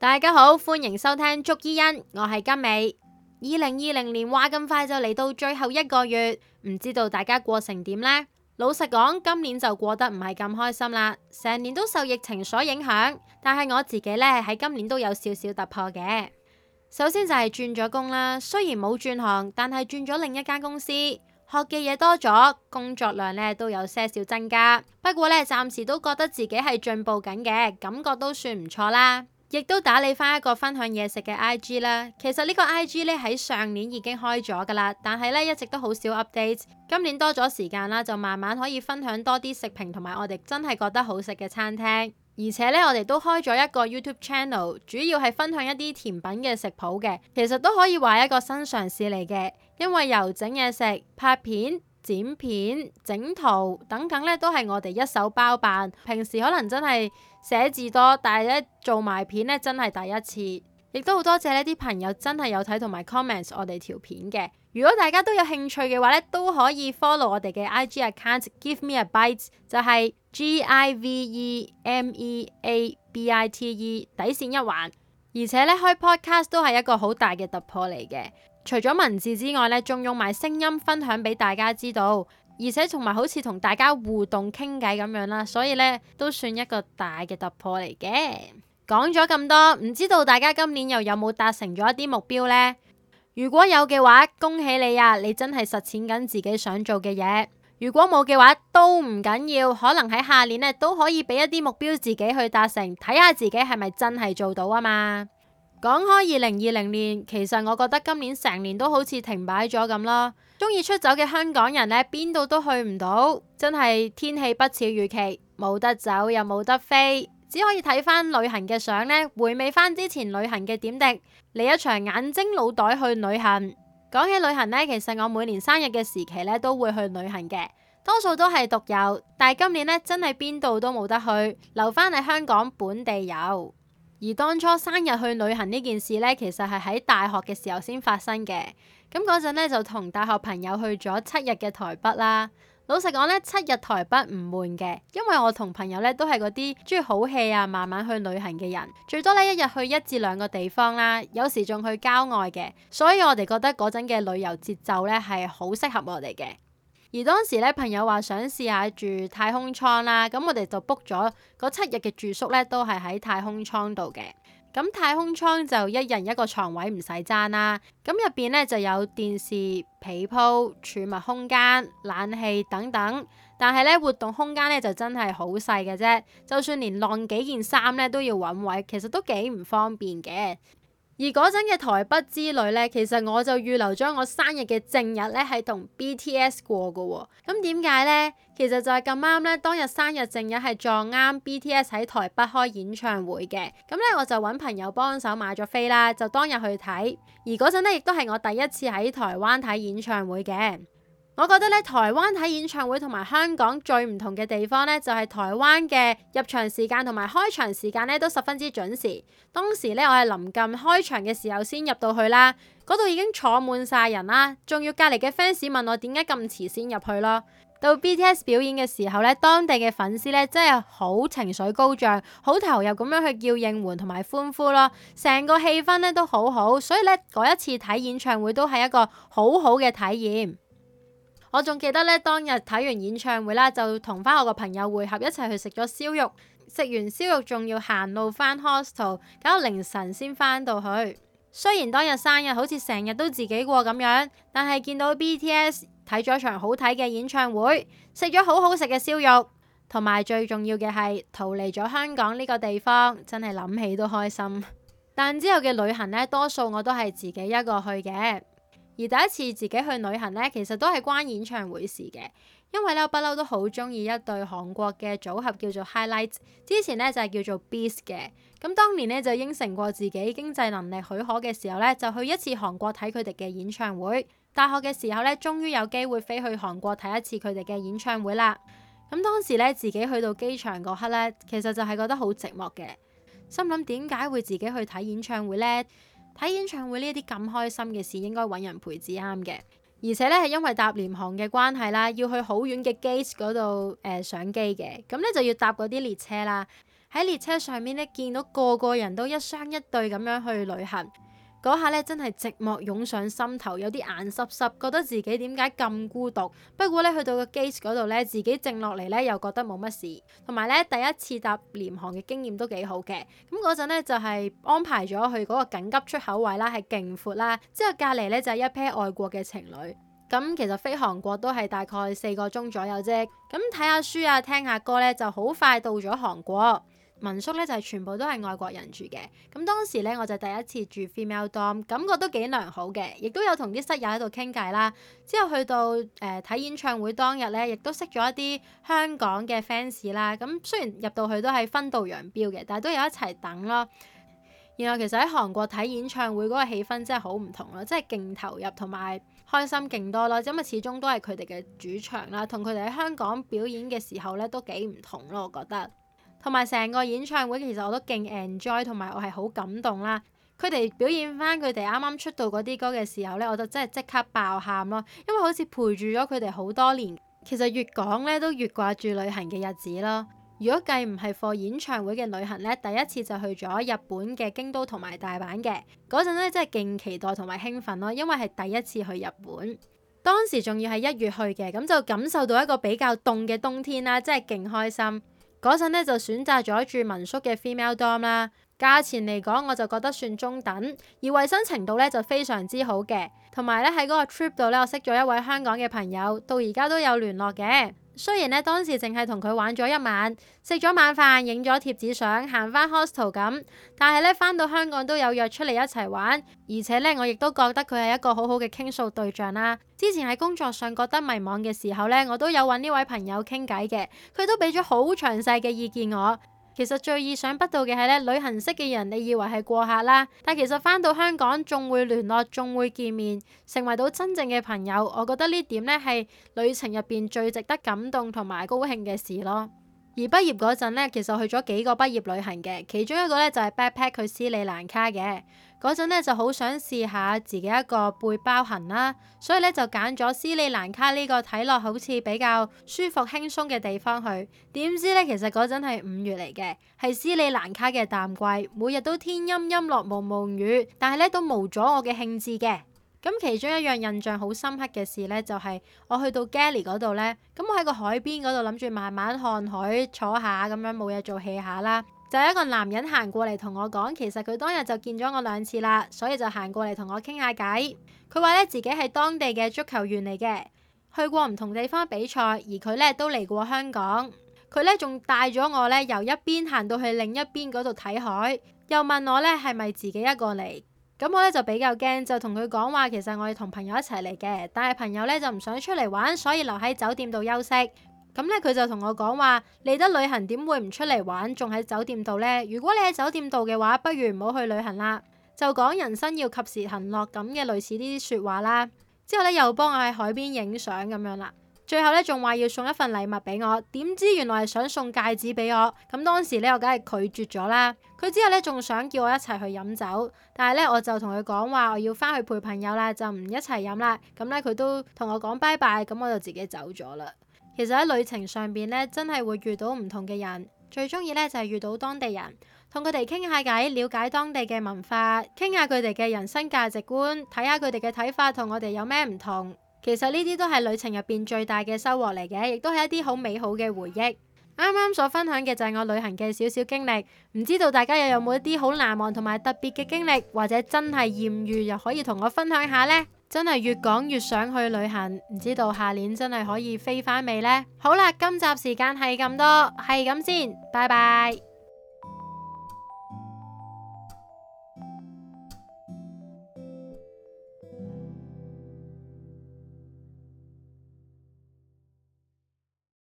大家好，歡迎收聽《捉依因》，我係金美。二零二零年哇，咁快就嚟到最後一個月，唔知道大家過成點呢？老實講，今年就過得唔係咁開心啦。成年都受疫情所影響，但係我自己咧喺今年都有少少突破嘅。首先就係轉咗工啦，雖然冇轉行，但係轉咗另一間公司，學嘅嘢多咗，工作量咧都有些少增加。不過咧，暫時都覺得自己係進步緊嘅，感覺都算唔錯啦。亦都打理翻一個分享嘢食嘅 IG 啦。其實呢個 IG 咧喺上年已經開咗噶啦，但係咧一直都好少 update。今年多咗時間啦，就慢慢可以分享多啲食評同埋我哋真係覺得好食嘅餐廳。而且咧我哋都開咗一個 YouTube channel，主要係分享一啲甜品嘅食譜嘅。其實都可以話係一個新嘗試嚟嘅，因為由整嘢食拍片。剪片、整圖等等咧，都係我哋一手包辦。平時可能真係寫字多，但係咧做埋片咧，真係第一次。亦都好多謝呢啲朋友真係有睇同埋 comments 我哋條片嘅。如果大家都有興趣嘅話咧，都可以 follow 我哋嘅 IG account Give Me A Bite，就係、是、G I V E M E A B I T E。M E A B I、T E，底線一環，而且咧開 podcast 都係一個好大嘅突破嚟嘅。除咗文字之外咧，仲用埋聲音分享俾大家知道，而且同埋好似同大家互動傾偈咁樣啦，所以咧都算一個大嘅突破嚟嘅。講咗咁多，唔知道大家今年又有冇達成咗一啲目標呢？如果有嘅話，恭喜你啊！你真係實踐緊自己想做嘅嘢。如果冇嘅話，都唔緊要，可能喺下年呢，都可以俾一啲目標自己去達成，睇下自己係咪真係做到啊嘛。講開二零二零年，其實我覺得今年成年都好似停擺咗咁囉。中意出走嘅香港人咧，邊度都去唔到，真係天氣不似預期，冇得走又冇得飛，只可以睇翻旅行嘅相咧，回味翻之前旅行嘅點滴。嚟一場眼睛腦袋去旅行。講起旅行咧，其實我每年生日嘅時期咧，都會去旅行嘅，多數都係獨遊，但係今年咧真係邊度都冇得去，留翻喺香港本地遊。而當初生日去旅行呢件事咧，其實係喺大學嘅時候先發生嘅。咁嗰陣咧就同大學朋友去咗七日嘅台北啦。老實講咧，七日台北唔悶嘅，因為我同朋友咧都係嗰啲鍾意好戲啊，慢慢去旅行嘅人，最多咧一日去一至兩個地方啦，有時仲去郊外嘅，所以我哋覺得嗰陣嘅旅遊節奏咧係好適合我哋嘅。而當時咧，朋友話想試下住太空艙啦，咁我哋就 book 咗嗰七日嘅住宿咧，都係喺太空艙度嘅。咁太空艙就一人一個床位，唔使爭啦。咁入邊咧就有電視、被鋪、儲物空間、冷氣等等，但係咧活動空間咧就真係好細嘅啫。就算連晾幾件衫咧都要揾位，其實都幾唔方便嘅。而嗰陣嘅台北之旅咧，其實我就預留咗我生日嘅正日咧，係同 BTS 過嘅喎。咁點解咧？其實就係咁啱咧，當日生日正日係撞啱 BTS 喺台北開演唱會嘅。咁咧，我就揾朋友幫手買咗飛啦，就當日去睇。而嗰陣咧，亦都係我第一次喺台灣睇演唱會嘅。我覺得咧，台灣睇演唱會同埋香港最唔同嘅地方咧，就係台灣嘅入場時間同埋開場時間咧都十分之準時。當時咧，我係臨近開場嘅時候先入到去啦，嗰度已經坐滿晒人啦，仲要隔離嘅 fans 問我點解咁遲先入去咯。到 BTS 表演嘅時候咧，當地嘅粉絲咧真係好情緒高漲，好投入咁樣去叫應援同埋歡呼咯，成個氣氛咧都好好，所以咧嗰一次睇演唱會都係一個好好嘅體驗。我仲記得咧，當日睇完演唱會啦，就同翻我個朋友會合一齊去食咗燒肉。食完燒肉仲要行路翻 hostel，搞到凌晨先翻到去。雖然當日生日好似成日都自己過咁樣，但係見到 BTS 睇咗場好睇嘅演唱會，食咗好好食嘅燒肉，同埋最重要嘅係逃離咗香港呢個地方，真係諗起都開心。但之後嘅旅行呢，多數我都係自己一個去嘅。而第一次自己去旅行呢，其實都係關演唱會的事嘅，因為呢不嬲都好中意一對韓國嘅組合叫做 Highlight，之前呢，就係叫做 Beast 嘅。咁當年呢，就應承過自己經濟能力許可嘅時候呢，就去一次韓國睇佢哋嘅演唱會。大學嘅時候呢，終於有機會飛去韓國睇一次佢哋嘅演唱會啦。咁當時呢，自己去到機場嗰刻呢，其實就係覺得好寂寞嘅，心諗點解會自己去睇演唱會呢？睇演唱會呢啲咁開心嘅事，應該揾人陪至啱嘅。而且咧係因為搭廉航嘅關係啦，要去好遠嘅 gate 嗰度誒上機嘅，咁咧就要搭嗰啲列車啦。喺列車上面咧，見到個個人都一雙一對咁樣去旅行。嗰下咧真係寂寞湧上心頭，有啲眼濕濕，覺得自己點解咁孤獨。不過咧去到個 gate 嗰度咧，自己靜落嚟咧又覺得冇乜事。同埋咧第一次搭廉航嘅經驗都幾好嘅。咁嗰陣咧就係安排咗去嗰個緊急出口位啦，係勁闊啦。之後隔離咧就係一 pair 外國嘅情侶。咁其實飛韓國都係大概四個鐘左右啫。咁睇下書啊，聽下歌咧就好快到咗韓國。民宿咧就係、是、全部都係外國人住嘅，咁當時咧我就第一次住 female dorm，感覺都幾良好嘅，亦都有同啲室友喺度傾偈啦。之後去到誒睇、呃、演唱會當日咧，亦都識咗一啲香港嘅 fans 啦。咁雖然入到去都係分道揚鑣嘅，但係都有一齊等咯。然後其實喺韓國睇演唱會嗰個氣氛真係好唔同咯，真係勁投入同埋開心勁多咯。因為始終都係佢哋嘅主場啦，同佢哋喺香港表演嘅時候咧都幾唔同咯，我覺得。同埋成個演唱會其實我都勁 enjoy，同埋我係好感動啦。佢哋表演翻佢哋啱啱出道嗰啲歌嘅時候咧，我就真係即刻爆喊咯，因為好似陪住咗佢哋好多年。其實越講咧都越掛住旅行嘅日子咯。如果計唔係 for 演唱會嘅旅行咧，第一次就去咗日本嘅京都同埋大阪嘅嗰陣咧，真係勁期待同埋興奮咯，因為係第一次去日本。當時仲要係一月去嘅，咁就感受到一個比較凍嘅冬天啦，真係勁開心。嗰陣咧就選擇咗住民宿嘅 female dorm 啦，價錢嚟講我就覺得算中等，而衞生程度咧就非常之好嘅，同埋咧喺嗰個 trip 度咧我識咗一位香港嘅朋友，到而家都有聯絡嘅。雖然呢當時淨係同佢玩咗一晚，食咗晚飯，影咗貼紙相，行翻 hostel 咁，但係呢翻到香港都有約出嚟一齊玩，而且呢，我亦都覺得佢係一個好好嘅傾訴對象啦。之前喺工作上覺得迷茫嘅時候呢，我都有揾呢位朋友傾偈嘅，佢都俾咗好詳細嘅意見我。其實最意想不到嘅係咧，旅行識嘅人，你以為係過客啦，但其實返到香港仲會聯絡，仲會見面，成為到真正嘅朋友。我覺得呢點咧係旅程入邊最值得感動同埋高興嘅事咯。而畢業嗰陣咧，其實去咗幾個畢業旅行嘅，其中一個咧就係 backpack 去斯里蘭卡嘅嗰陣咧，就好想試下自己一個背包行啦，所以咧就揀咗斯里蘭卡呢個睇落好似比較舒服輕鬆嘅地方去。點知咧，其實嗰陣係五月嚟嘅，係斯里蘭卡嘅淡季，每日都天陰陰落毛毛雨，但係咧都冇咗我嘅興致嘅。咁其中一樣印象好深刻嘅事咧，就係、是、我去到 Gali 嗰度咧，咁我喺個海邊嗰度諗住慢慢看海，坐下咁樣冇嘢做 hea 下啦。就有、是、一個男人行過嚟同我講，其實佢當日就見咗我兩次啦，所以就行過嚟同我傾下偈。佢話咧自己係當地嘅足球員嚟嘅，去過唔同地方比賽，而佢咧都嚟過香港。佢咧仲帶咗我咧由一邊行到去另一邊嗰度睇海，又問我咧係咪自己一個嚟。咁我咧就比較驚，就同佢講話，其實我係同朋友一齊嚟嘅，但係朋友咧就唔想出嚟玩，所以留喺酒店度休息。咁咧佢就同我講話，嚟得旅行點會唔出嚟玩，仲喺酒店度咧？如果你喺酒店度嘅話，不如唔好去旅行啦。就講人生要及時行樂咁嘅類似呢啲説話啦。之後咧又幫我喺海邊影相咁樣啦。最後咧仲話要送一份禮物俾我，點知原來係想送戒指俾我，咁當時咧我梗係拒絕咗啦。佢之後咧仲想叫我一齊去飲酒，但係咧我就同佢講話我要翻去陪朋友啦，就唔一齊飲啦。咁咧佢都同我講拜拜，咁我就自己走咗啦。其實喺旅程上邊咧，真係會遇到唔同嘅人，最中意咧就係遇到當地人，同佢哋傾下偈，了解當地嘅文化，傾下佢哋嘅人生價值觀，睇下佢哋嘅睇法同我哋有咩唔同。其實呢啲都係旅程入邊最大嘅收穫嚟嘅，亦都係一啲好美好嘅回憶。啱啱所分享嘅就係我旅行嘅少少經歷，唔知道大家又有冇一啲好難忘同埋特別嘅經歷，或者真係豔遇又可以同我分享下呢？真係越講越想去旅行，唔知道下年真係可以飛返未呢？好啦，今集時間係咁多，係咁先，拜拜。